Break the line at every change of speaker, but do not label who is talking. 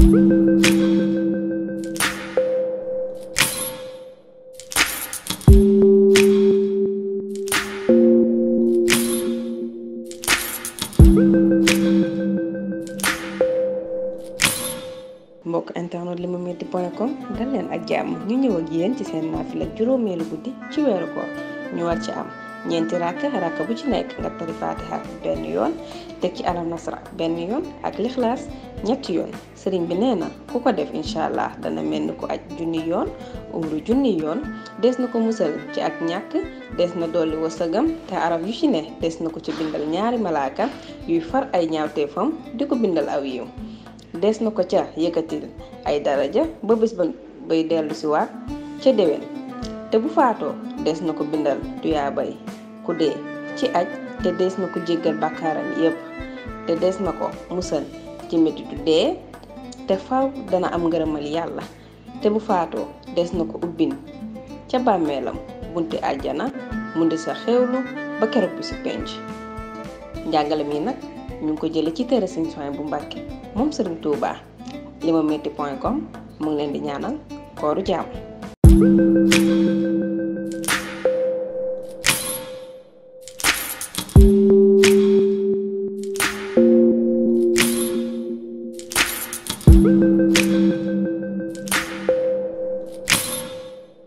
mbokk internet limametti point com dal leen ak jàmm ñu ñëw ak yéen ci seen naafila juróomeelu guddi ci weeru koor ñu war ci am ñeenti rakk rakk bu ci nekk nga tari fatiha benn yoon teg ci alam nasra benn yoon ak lixlaas ñetti yoon sëriñ bi nee na ku ko def incha allah dana mel ni ko aj junni yoon umru junni yoon des na ko musal ci ak ñàkk des na dolli wasagam te arab yu ci ne des na ko ci bindal ñaari malaaka yuy far ay ñaawteefam di ko bindal aw yiw des na ko ca yëkkatil ay daraja ba bés ba bay dellu si waat ca déwén te bu faatoo des na ko bindal tuyaabay ku dee ci aj te dees na ko jéggal bàkkaaram yépp te dees na ko musal ci metitu dee te faw dana am ngërëmal yàlla te bu des na ko ubbin ca bàmmeelam bunti àjjana mu di sa xewlu ba keroog bi si penc njàngale mi nag ñu ko jële ci téere sëñ soin bu mbàkke moom sëriñ ngi di ñaanal Bye.